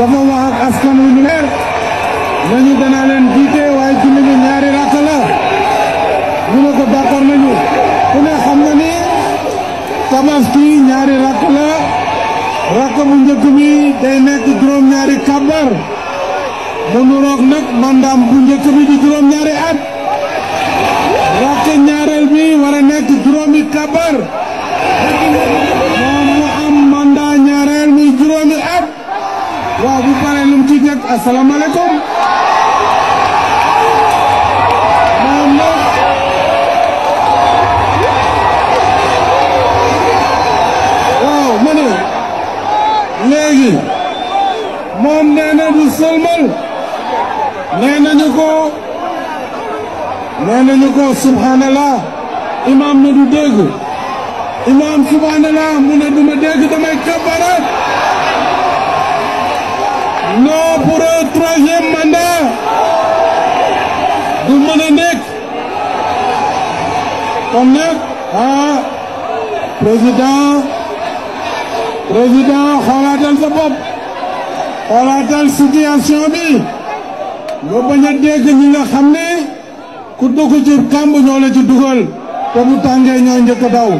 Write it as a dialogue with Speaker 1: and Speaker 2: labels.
Speaker 1: dafa wax ak askan wi mu leer nañu danaa leen jiite waaye julli bi ñaari rakk la ñu ne ko ku ne xam nga ni tabaski ñaari rakk la rakk day nekk juróom-ñaari kàbbar mu nuroog nag mandaam bu njëkk di juróom-ñaari at rakk ñaareel bi war a nekk juróomi kàbbar
Speaker 2: waaw bu paree lu mu ci njëkk moom nag
Speaker 1: waaw ma ne moom nee na du sëlmal nee nañu ko nee nañu ko subhanallah imaam ne du dégg imaam subhanallah mu du ma dégg damay kabaraat
Speaker 3: pour un troisième mandat
Speaker 1: du mën a nekk kon nag xoolaatal sa xoolaatal situation bi nga bañ a dégg ñi nga xam ne ku dugg ci kàmb ci dugal te bu tàngee ñoo njëkk a daw.